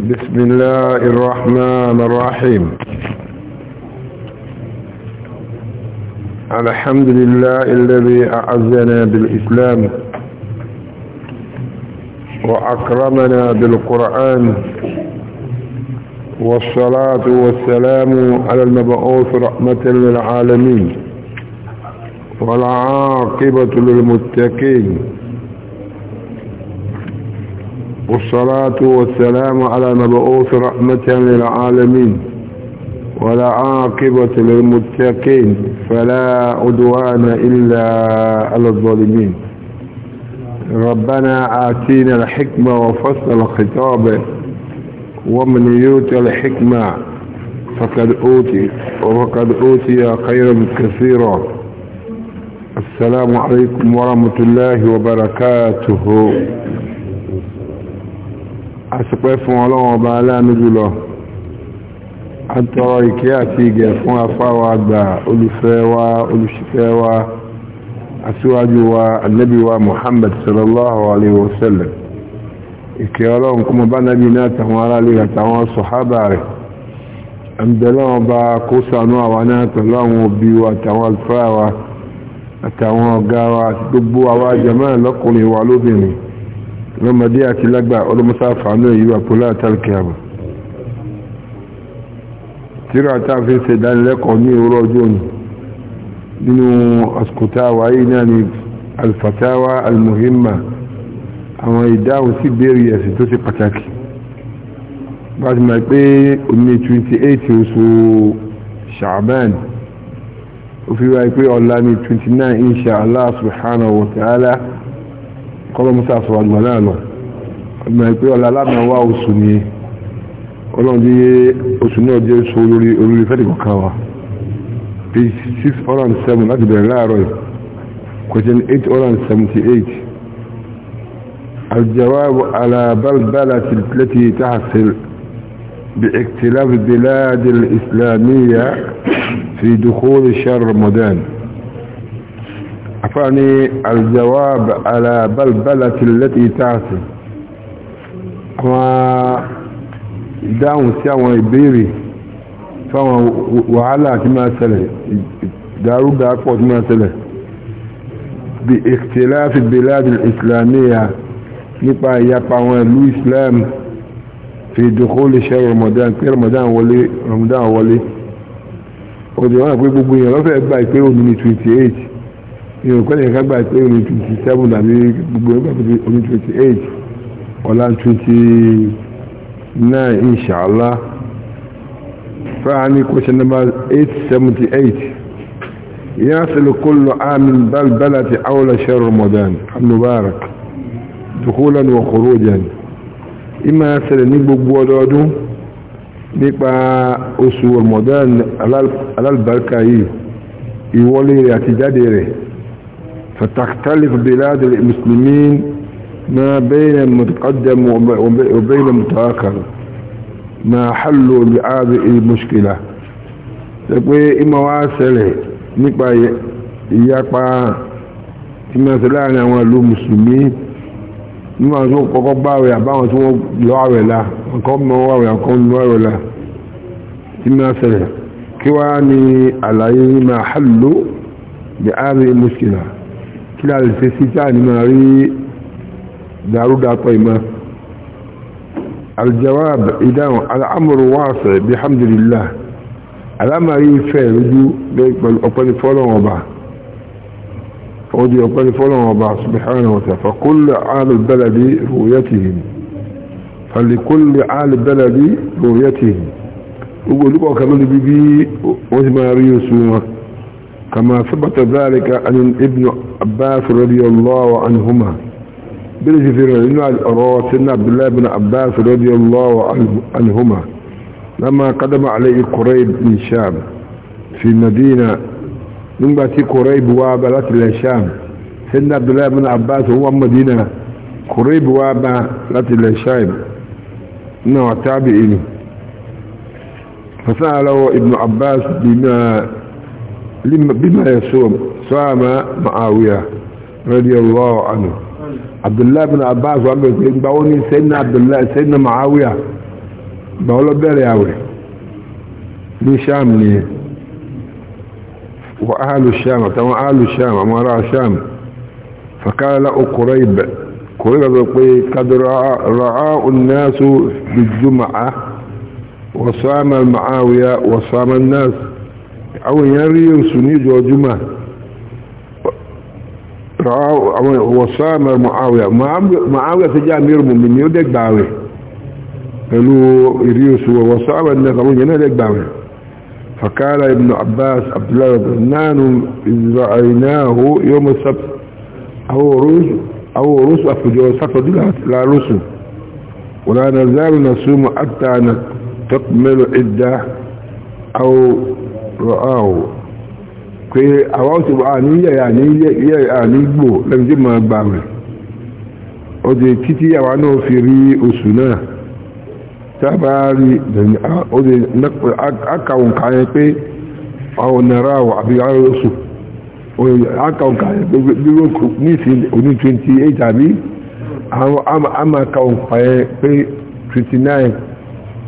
بسم الله الرحمن الرحيم الحمد لله الذي أعزنا بالإسلام وأكرمنا بالقرآن والصلاة والسلام على المبعوث رحمة للعالمين والعاقبة للمتقين والصلاة والسلام على مبعوث رحمة للعالمين ولا عاقبة للمتقين فلا عدوان إلا على الظالمين ربنا آتينا الحكمة وفصل الخطاب ومن يوت الحكمة فقد أوتي وقد أوتي خيرا كثيرا السلام عليكم ورحمة الله وبركاته àsìpẹ́ fún ọlọ́wọ́n ọba aláàánú jùlọ àtọrọ ìkẹ́ àti ìgẹ̀ fún afáwa àgbà olùfẹ́ wa olùṣìfẹ́ wa aṣíwájú wa annabi wa muhammad sallallahu alaihi wasallam ìkẹ́ ọlọ́run kúmọ bá nábi náà tàwọn ará lè àtàwọn sọ̀hábà rẹ̀ àmdẹ̀lọ́wọ́n bá kó sànú àwa náà pẹ̀lú àwọn òbí wa àtàwọn alfáà wa àtàwọn ọ̀gá wa gbogbo àwa jàmáà lọ́kùnrin wa lóbìnrin lọ́mọdé àti lágbà ọlọ́mọsáfà náà yíwà pọ́lá àtàlùkìyàmù tíra tàbí ṣe dánilẹ́kọ̀ọ́ ní òwúrọ̀ ọjọ́ òní nínú àsìkòtáwà yìí náà ni alfatawa almuhimma àwọn ìdáhùn sí béèrè ẹ̀sìn tó ṣe pàtàkì bá ti máa pé omi 28 oṣù Sha'ban ó fi wáyé pé ọ̀la ni 29 insha Allah subhanahu wa ta'ala kọ́lọ́ musa sọ̀rọ̀ àgbà náà lọ ọmọ ìpè ọ̀la alámọ̀ wá oṣù ni ọlọ́run ti yé oṣù náà jẹ́ oṣù olórí olórí fẹ́ẹ̀dì kọ̀ọ̀kan wa page six hundred and seven láti bẹ̀rẹ̀ láàárọ̀ yìí question eight hundred and seventy eight الجواب على بلبلة التي تحصل باختلاف البلاد الإسلامية في دخول شهر رمضان أفاني الجواب على بلبلة التي تعصي وداون سيوان إبيري فهو وعلى كما سله دارو داكو كما سله باختلاف البلاد الإسلامية نبقى يبقى لو إسلام في دخول شهر رمضان كي رمضان ولي رمضان ولي ودي وانا كوي بوبوين رفع باي كيو من 28 èèyàn kọ́ lẹ́yìn kágbà pé omi twenty seven àbí gbogbo ẹgbẹ́ pé omi twenty eight ọ̀la twenty nine inshallah fáàní question number eight seventy eight يصل كل عام بلبلة حول شهر رمضان المبارك دخولا وخروجا إما يصل نبوك بودودو nípa oṣù Ramadan alálùbáríkà yìí ìwọlé rẹ̀ àti jáde rẹ̀ فتختلف بلاد المسلمين ما بين المتقدم وبين المتاخر ما حلوا بهذه المشكله pé ìmọ̀ wá ṣẹlẹ̀ nípa ìyapa tí mọ́ sí láàrin àwọn ìlú mùsùlùmí níwọ̀n tí ó kọ́kọ́ bá rẹ̀ àbáwọn tí wọ́n lọ àwẹ̀ la ọkọ́ mọ́ àwẹ̀ ọkọ́ lọ àwẹ̀ la tí mọ́ ṣẹlẹ̀ kí wá ní àlàyé ma hallu bi áàrí muskila kí la lè ṣe sí táà ní máa rí dàrúdàpọ̀ ìmọ̀ aljawab ìdáhùn al'amuru wáṣẹ̀ bihamdulillah alámàrí fẹ́ rújú ọ̀pẹ́ni fọ́lọ́wọ̀n ọba ọdí ọ̀pẹ́ni fọ́lọ́wọ̀n ọba subhanahu wa ta'ala fakulli alìbẹ́lẹ̀bí rúyẹ́tìhìn falikuli alìbẹ́lẹ̀bí rúyẹ́tìhìn gbogbo olúkọ̀ọ́kẹ́ lónìí bí wọ́n ti máa rí oṣù wọn كما ثبت ذلك عن ابن عباس رضي الله عنهما بالجفر عن إن عبد الله بن عباس رضي الله عنهما لما قدم عليه قريب من شام في المدينة من باتي قريب وابلت إلى شام سيدنا عبد الله بن عباس هو مدينة قريب وابلت إلى شام إنه تابعين فسأله ابن عباس بما بما يصوم صام معاوية رضي الله عنه عبد الله بن عباس وعمر بن باوني سيدنا عبد الله سيدنا معاوية باولو بيري ياوي من شام لي واهل الشام تمام اهل الشام امراء الشام فقال له قريب قريب قد رعاء الناس بالجمعة وصام المعاوية وصام الناس àwọn èèyàn rí oṣù ní ìjọ ọjúmà àwọn wọ̀sáàmà Muawiya Muawiya tó jẹ́ àmìrì mùmí ni ó dẹ́gbà rẹ̀ pẹ̀lú ìrí oṣù wọ̀sáàmà ní àwọn èèyàn náà dẹ́gbà rẹ̀ فقال ابن عباس عبد الله نحن رأيناه يوم السبت أو رؤوس أو رؤوس أفجوا السبت لا رؤوس ولا نزال نصوم حتى تكمل عدة أو rọ́ọ̀ pé àwọn ọ̀sẹ̀ àní yẹ̀ àní gbò lẹ́mìí tí gbà rẹ̀ ó di títí àwa náà fi rí oṣù náà tábàárí ó di akàwọn kan pé àwọn náírà àbí oṣù akàwọn kan pé ní oní 28 àbí àwọn amakàwọn kan pé 29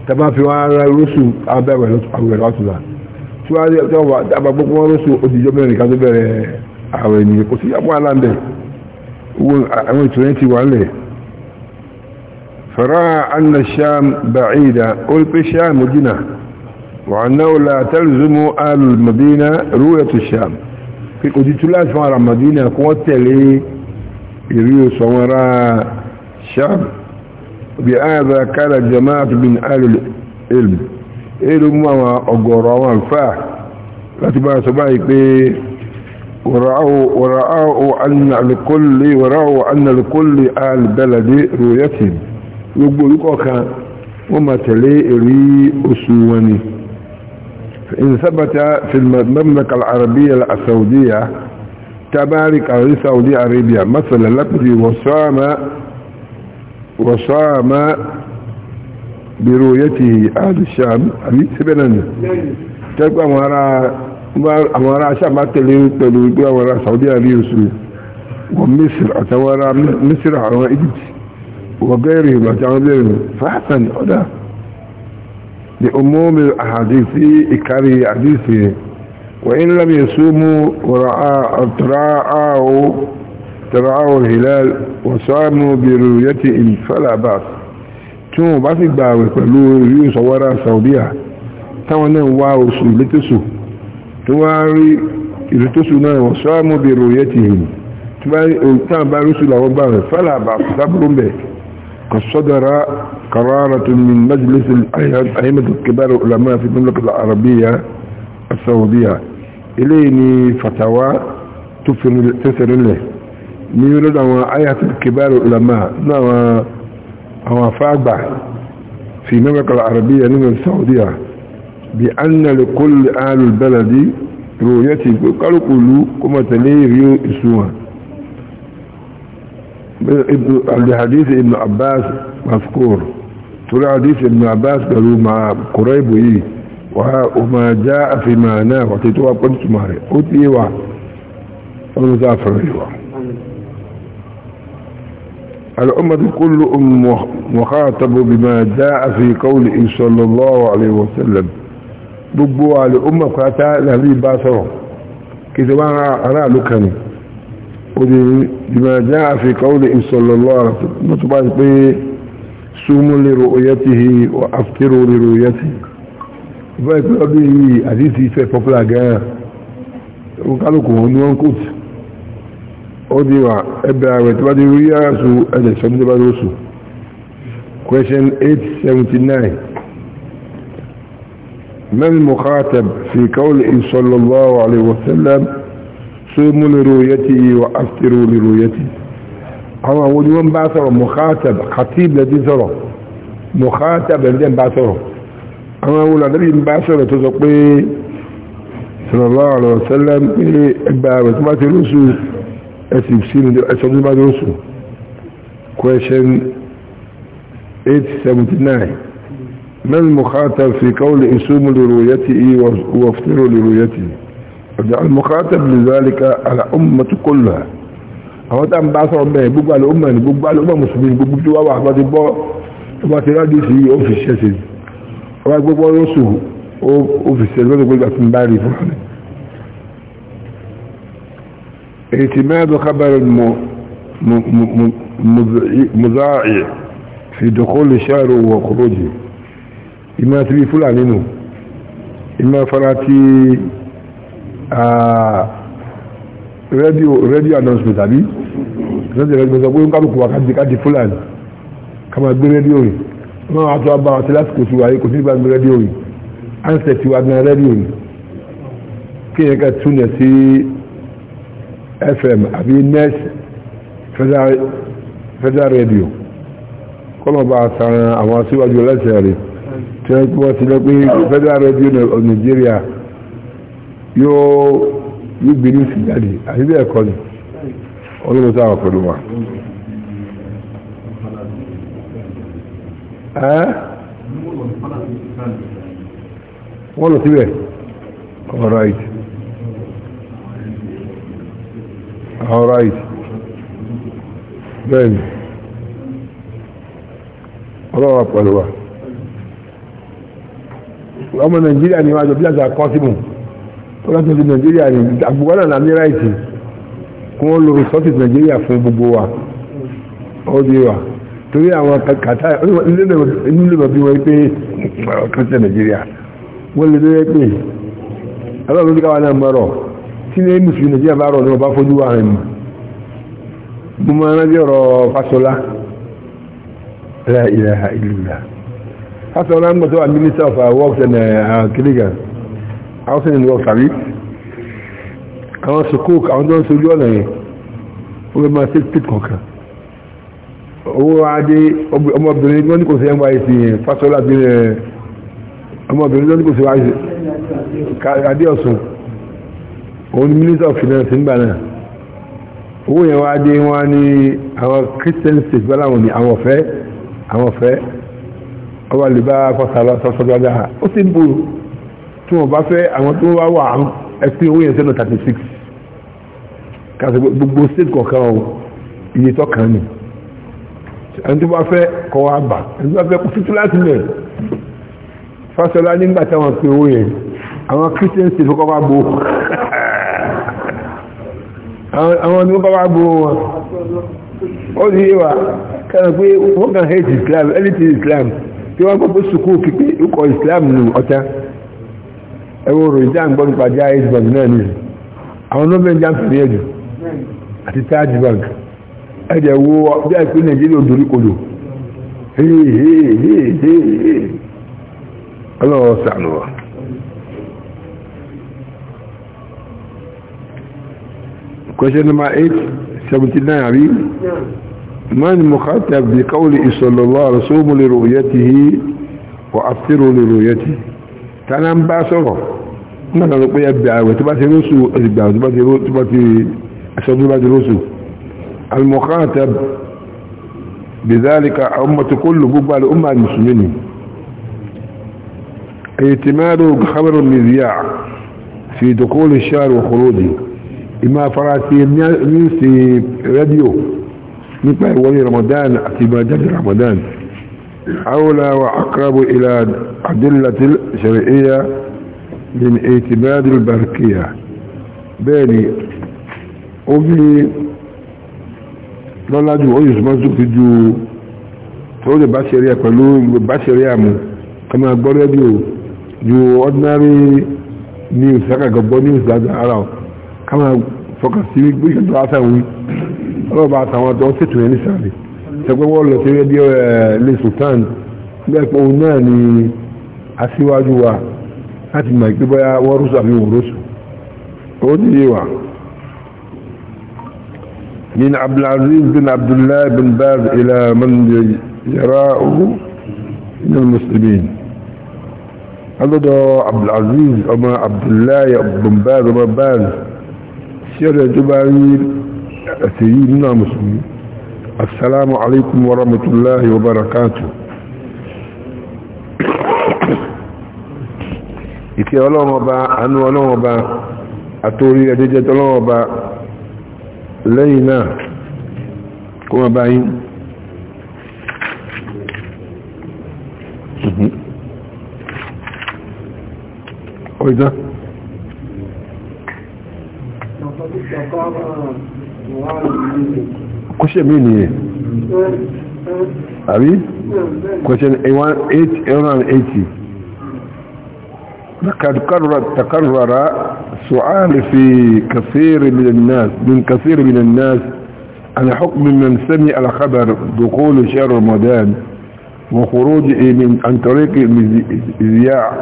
tábàá fi wọ́n ara oṣù tí wọ́n á tọ́ wà dábàá gbogbo wọn lóṣù òdìjọ́ mẹ́rin ká tó bẹ̀rẹ̀ ààrẹ nìyẹn kò sí àpò aláǹdẹ̀ owó àwọn ètò yẹn ti wà lẹ̀ fara anna sham ba'ida ó rí pé sham jìnnà wà náà la tẹ́lẹ̀zúmọ́ alùmọ̀dínà rúwẹ̀tù sham pé kò di túláàsì fún ara mọ̀dínà kó wọ́n tẹ̀lé ìrí oṣù àwọn ará sham bí ààbà kára jama'atu bin alùlẹ̀ èyí mú àwọn ọ̀gọ̀rọ̀ àwọn àlùfáà láti bá sọ báyìí pé أن لكل ورأوا أن لكل آل بلد رؤيتهم يقول كان وما تلي ري أسواني فإن ثبت في المملكة العربية السعودية تبارك على سعودية عربية مثلا لقد وصام وصام برؤيته أهل الشام أبي سبنان تبقى مرا مرا شام تلين تلين مرا سعودية ريوسو ومصر أتورى مصر على إجبت وغيرهم أتورى فحسن هذا لأموم الأحاديث إكاري حديثه وإن لم يصوموا تراءوا تراءوا الهلال وصاموا برؤيته فلا بأس tí wọ́n bá sì gba àwẹ̀ pẹ̀lú ìrí ìsọwọ́ra Saudiya táwọn náà wá oṣù ìlétòsù tó wá rí ìlétòsù náà wọ́n sọ àmọ́ bèrè ti hìn tí wọ́n bá rí oṣù làwọn gbà rẹ̀ fẹ́lá àbá sábúrú mbẹ̀ kan sọ́dọ̀ra قرارة من مجلس أئمة الكبار العلماء في المملكة العربية السعودية إليني فتوى تفر له من يريد أن آية الكبار العلماء نعم أو فأقبع في المملكة العربية من السعودية بأن لكل آل البلد رؤيتي قالوا كلوا كما تنيه ريو إسوا الحديث ابن عباس مذكور ترى حديث ابن عباس قالوا مع قريب وي إيه. وما جاء في معناه وتتوى قلت ماري قلت واحد المسافر إيه الأمة كل مخاطب بما جاء في قوله صلى الله عليه وسلم gbogbo al'umma kwata lari ba sauran ke zama ara aluka ne odi dimaja a fi kawulin isallallahu ala mutu ba su pe sumu lero oyatihi wa aftiro lero oyati ba ipe obi yi adisi ife popular gaya kaluku wọn ni wọn kóòtù ó di wà ẹbẹ̀ àwẹ̀ tí bá ti rí àṣù ẹ̀dẹ̀ sọ ní bá sù question 879 mẹ́rin mọ̀kátẹ̀ fi kọ́ọ̀lù sallallahu alaihi wasallam sumu li ru'yatihi wa aftiru li ru'yatihi àwọn àwọn ojú wọn bá sọ̀rọ̀ mọ̀kátẹ̀ khatib lẹ́dí sọ̀rọ̀ mọ̀kátẹ̀ lẹ́dí bá sọ̀rọ̀ àwọn àwọn olùdarí bá sọ̀rọ̀ tó sọ ẹ̀sìn sínú ẹ̀sọ́ tó bá dúró sùn question 879 من المخاطب في قول إسوم لرؤيته وافتر لرؤيته المخاطب لذلك الأمة كلها àwọn tá ń bá sọ̀rọ̀ bẹ́ẹ̀ gbogbo àlọ́ ọmọ ẹni gbogbo àlọ́ ọmọ mùsùlùmí gbogbo tó wá wà bá ti bọ́ ọba ti rádìí sí ọ́fíìsì ọba gbogbo ọlọ́sùn ọ́fíìsì ẹ̀sìn lọ́dọ̀ gbogbo àti ń bá rí fún ọ̀rẹ́ اعتماد خبر مضاعي في دخول شهر وخروجه إما تبي فلان إنه إما فراتي آه راديو راديو أنونسمنت أبي راديو أنونسمنت أبوي قالوا كوا كذي كادي فلان كما تبي راديو ما عطوا أبا ثلاث كسوة أي كسوة بعد راديو أنسى كسوة بعد راديو كي يكاد سنة fm àbí nes federal radio kọ́nà bá san àwọn aṣíwájú ọlẹ́sẹ̀ rẹ̀ tí wọ́n pọ́ sí lọ pé federal radio of nigeria yóò gbé ní sí jáde àti bí ẹ̀kọ́ ni ọlọ́run sáwà pẹ̀lú wa wọ́n lọ síbẹ̀ all right all right then ọlọ́wọ́ pẹ̀lú wa ọmọ nàìjíríà ni wájú bí àṣà kọ́símù tó láti ọdún nàìjíríà ni àgbùgbọ́ náà ní ráìtì kún ó lo resources nàìjíríà fún gbogbo wa ó di wa torí àwọn kàtà nílùú bí wọ́n pé kàtà nàìjíríà wọ́n lè lóye pé ọlọ́run ní káwọn náà mọ́rọ̀ kílé mùsùlùmí nàìjíríà bá rọ̀ ní ọba fojú wa rẹ̀ mọ̀ mo máa rántí ọ̀rọ̀ fasola la ilaha illallah fasola ń gbọ́ tó wà minister of uh, works and kiligan housing and works àbí àwọn sukuk àwọn tó ń sojú ọ̀nà yẹn ó fẹ́ máa ṣe pit kọ̀ọ̀kan owó adé ọmọbìnrin wọn ní kò sí ẹgbàá ìsìn yẹn fasola bí uh, ọmọbìnrin wọn ní kò sí ẹgbàá ìsìn adé ọ̀sùn òun minister of finance ń gbà náà owó yẹn wá dé wọ́n ní àwọn christian state bá láwọn ní àwọn ọ̀fẹ́ àwọn ọ̀fẹ́ ọba lè bá pọ́sà lọ sọ́sọ́ dáadáa ó sì ń bò tí wọ́n bá fẹ́ àwọn tó wá wà ẹ̀sìn owó yẹn sẹ́nu 36 kàṣẹ gbogbo state kọ̀ọ̀kan o iye tọ́kàn ni ẹni tó bá fẹ́ kọ́ wá bà ẹni tó bá fẹ́ kó fi kíláàsì mẹ́ fásọlá nígbà táwọn pe owó yẹn àwọn christian state kọ́kọ́ bá bò àwọn ni wọ́n bá wá gbọ́ wọn ó ní yíwa kẹ́rọ pé wọ́n kàn hate islam elite islam tí wọ́n gbọ́ pé sùkú ikọ̀ islam nù ọ̀tá ẹwọ́ ròjá ń gbọ́ nípa jẹ́ bank náà ní àwọn nọ́bẹ̀ jam fìrí ẹ̀jù àti taj bank ẹ̀jẹ̀ wo bí i pé nàìjíríà dorí kodò question number 879 abi من مخاطب بقوله صلى الله عليه وسلم لرؤيته وأفطر لرؤيته تعالى باسره ما كان يقول يبع وتباتي رسو يبع وتباتي تباتي أشهد تباتي رسو المخاطب بذلك أمة كل قبال أمة المسلمين اعتماد خبر المذياع في دخول الشهر وخروجه ìmọ̀ afárasí ní ṣe rédíò nípa ìwọlé Ramadan àti ìmọ̀ jáde Ramadan أولى وأقرب إلى أدلة شرعية من اعتماد البركية بيني أجلي لولا جو أيس مصدق جو تقول بشرية كلهم بشرية كما أقول جو جو ordinary news هكا قبو news هذا عراو kama fọkàn sí wípé ìṣètò àtàwọn ọlọ́ọ̀bà àtàwọn àtàwọn ṣètò yẹn ní sàlẹ̀ ṣẹgbẹ́ wọ́n lọ sí rédíò ẹ̀ lè sultan bẹ́ẹ̀ pé òun náà ni aṣíwájú wa láti mọ̀ pé bóyá wọ́n rúṣù àbí wọ́n rúṣù ó ti yé wa. من عبد العزيز بن عبد الله بن باز إلى من يراه من المسلمين هذا عبد العزيز أما عبد الله بن باز أما باز sí ọ̀dọ̀ tó a rí ẹ̀sẹ̀ alaikum wa rahmatullahi wa barakatuh question mi nìyẹn àbí question لقد قرر سؤال في كثير من الناس من كثير من الناس على حكم من سمع الخبر دخول شهر رمضان وخروجه من عن طريق الإذياع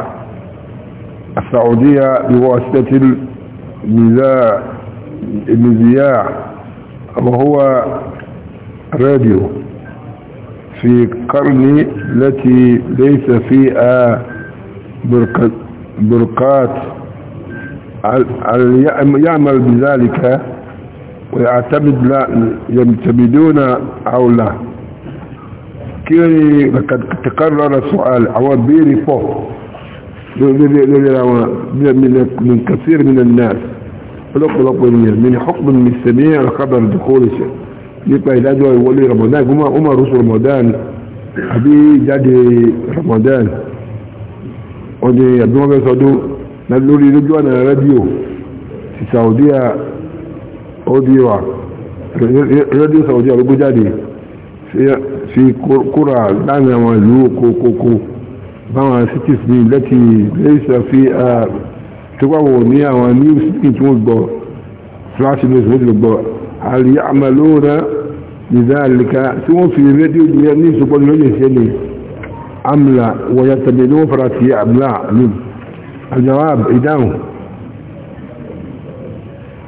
السعودية بواسطة المذاع الاذياع وهو راديو في قرن التي ليس فيها برقات يعمل بذلك ويعتمد لا يمتمدون لا كي لقد تكرر السؤال بيري فوق من كثير من الناس ọlọ́pọ̀lọpọ̀ ènìyàn mi ni hukmun mi sẹ̀mí àkàbà dùkúrì ṣe nípa ìdájọ́ ìwọlé ramadan gúnmọ̀ ọmọ rúṣù ramadan àbí ìjáde ramadan ọdẹ àbí wọn fẹ́ sọdún lórí lójú ọ̀nà rẹ́díò ti saudiya ọdíwà rẹ́díò saudiya ló gbójáde fi kúrà láàrin àwọn ìlú kókókó báwọn cities ní lẹ́tì lẹ́yìn sọ fi تبعوا ني اوامير سكت مجبا فلاش نيز مجبا هل يعملون لذلك سوف في ريدي ديالني سكون لي سيني ام لا ويتبدو فراتي ام لا نعم. الجواب اداو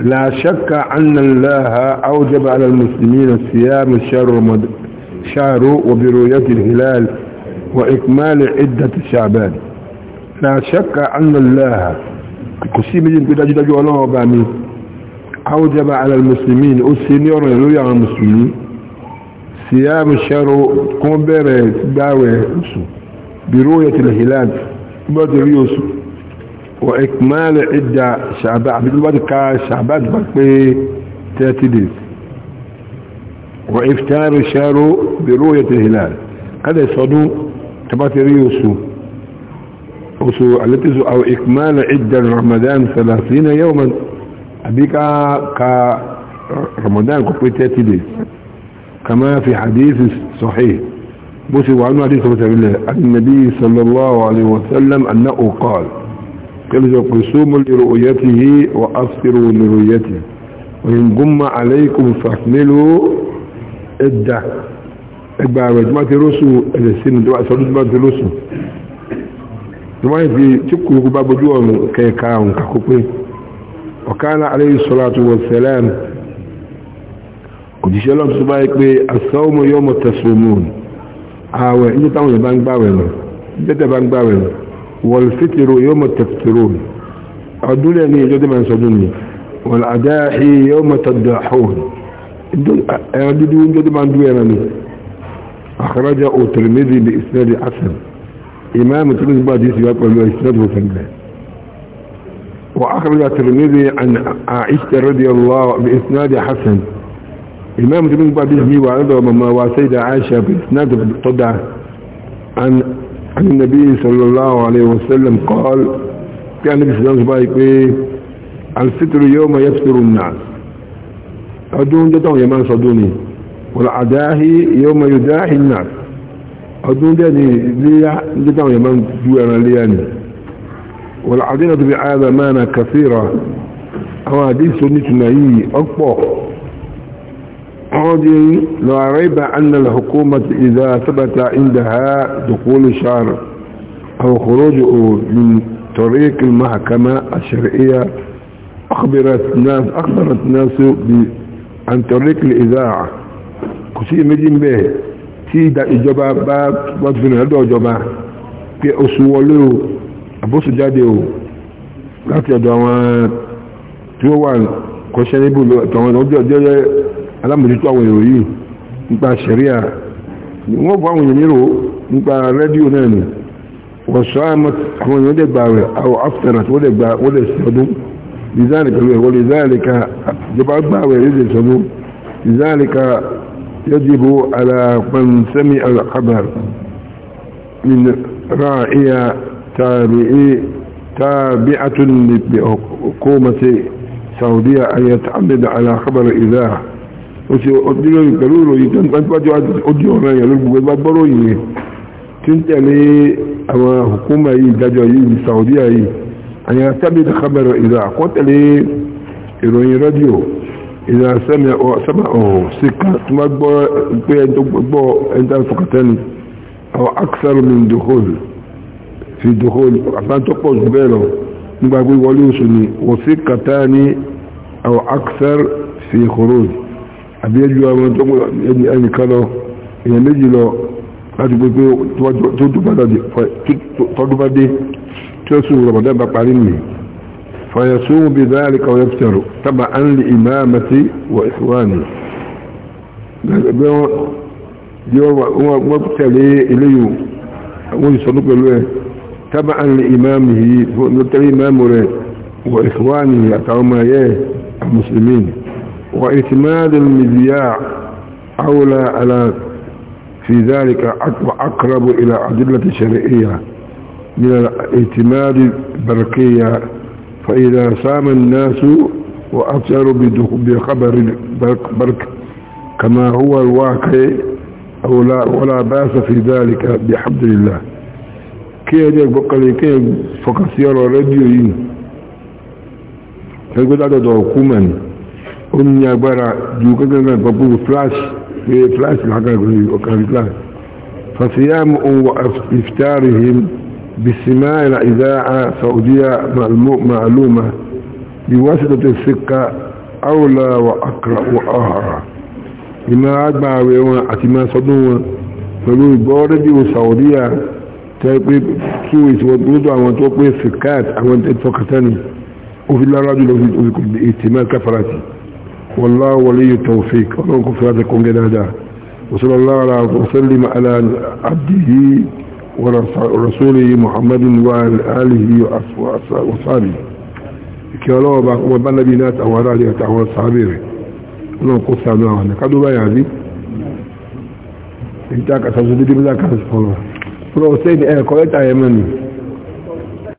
لا شك ان الله اوجب على المسلمين الصيام الشهر شهر وبرؤية الهلال واكمال عدة شعبان لا شك ان الله kò sí méjì pé dájúdájú ọlọ́run ọba mi àwùjọba alẹ́ mùsùlùmí ó ṣe ní ọ̀rọ̀ lórí àwọn mùsùlùmí síyáàmù ṣẹ́rọ kún bẹ̀rẹ̀ gbáwẹ̀ oṣù bíró yẹtìlẹ̀ hilal bọ́ ti rí oṣù wọ ìkùnmọ́lẹ̀ ìdá ṣàbá àbíkúbátì ká ṣàbá jùlọ pé 30 days wọ ìfitárù ṣẹ́rọ bíró yẹtìlẹ̀ hilal kádẹ̀ sọdún tàbátì rí oṣù التي أو إكمال عدة رمضان ثلاثين يوما أبيك ك رمضان كفتاتي دي كما في حديث صحيح بوسي وعنه حديث صلى الله النبي صلى الله عليه وسلم أنه قال كلزوا قسوم لرؤيته واصفروا لرؤيته وإن قم عليكم فاحملوا إدة إبا وجمعة رسو السنة دواء سنة رسو wọ́n fi tí kùrùkù bá bójú ọ̀nà kẹka àwọn kakó pé ọ̀kánà alayhi salatu wa salam òjíṣẹ́ lọ́n tó báyìí pé as-sawmu yawma tasumun ààwẹ̀ ní táwọn ìbá ń gbàwẹ̀ lọ jẹ́tẹ̀ bá ń gbàwẹ̀ lọ wal fitru yawma taftirun ọdún lẹ́ ní ìjọ́dẹ̀ máa sọdún ni wal adahi yawma tadahun ẹran إمام تلس باديس يقول يسنده سنده وأخرج ترمذي عن عائشة رضي الله بإسناد حسن إمام تلس باديس يوالد مما واسيد عائشة بإسناد طدع عن عن النبي صلى الله عليه وسلم قال كان النبي صلى الله عليه وسلم الفطر يوم يفطر الناس أدون جدون يمان صدوني والعداهي يوم يداهي الناس ọdún dẹ́ ni léyà ní táwọn yẹn máa ń ju ẹran léyà ni wọ́n àdínà tó fi àyàbà máa na kàfíra àwọn àdíso nítùnà yìí ọ̀pọ̀ ọdí lọ àrẹ́bà annal hukumata ìdá sábàtà inda ha dùkúlù sáàrù àwọn kòrójì o min tọ̀ríkì mahakama a shari'iyya akbarat nasu bi an tọ̀ríkì ìdáà kò sí méjì bẹ́ẹ̀ tí ìjọba bá gbọ́dúnrún lọ́dọ̀ ìjọba pé oṣù wọlé o àbóṣù jáde o láti ọ̀dọ̀ àwọn tí ó wà kọ́ṣẹ́ níbù tọ̀wọ́n ọjọ́ jẹ́ alámòjútó àwọn èrò yìí nípa ṣẹ̀ríà wọ́n bọ́ àwọn èèyàn nípa náà nì wọ́n sọ àwọn èèyàn rẹ̀ àwọn tí wọ́n wọ́n sọdún ìzáàlì pẹ̀lú ìzáàlì ka ìjọba gbà rẹ̀ sọdún ìzáàlì ka يجب على من سمع الخبر من راعية تابعي تابعة لحكومة السعودية أن يتعمد على خبر الإذاعة وسيقولوا يقولوا يقولوا تنتلي أو حكومة يدجوا السعودية أن يعتمد خبر الإذاعة قلت لي راديو إذا سمعوا سمعوا سكة ثم أكبروا أنت فقتل أو أكثر من دخول في دخول عشان تقوش بينه نبقى يقول وليوسني وسكة تاني أو أكثر في خروج أبي يجوا من تقول يعني أين كانوا يعني نجي له láti gbogbo tó dúbàdé tó sùn rọ̀mọ̀dá bá parí nìyí فيصوم بذلك ويفتر تبعا لإمامتي وإخواني وابتلي إليه أقول صدق الله تبعا لإمامه وابتلي إمامه وإخوانه إياه المسلمين وإتماد المذياع أولى على في ذلك أقرب إلى أدلة شرعية من الاعتماد البرقية فإذا سام الناس وأبصروا بخبر برك كما هو الواقع أو لا ولا باس في ذلك بحمد الله كي يجيك بقلي كي فقسير الراديو فقد عدد حكوما أم يعبر جوكا كان فلاش فلاش الحقائق وكان فلاش فصيام وإفتارهم بسماع الإذاعة سعودية معلومة بواسطة السكة أولى وأقرأ وأهرى لما أجمع ويوم أتما صدوة فلو بوردي السعودية تقريب سويس ودودو عن توقف السكات عن تتفقتني وفي الله رجل وفي اهتمال كفراتي والله ولي التوفيق ولو كفراتكم جنادا وصلى الله على وسلم على عبده ورسوله محمد وآله وصحبه كيولو با وبا نبينات او رالي تعوى الصحابير لون قصة نوعنا قدوا بها يعني انتاك اساسو دي بلاك اساسو فلو سيدي ايه كويتا يمني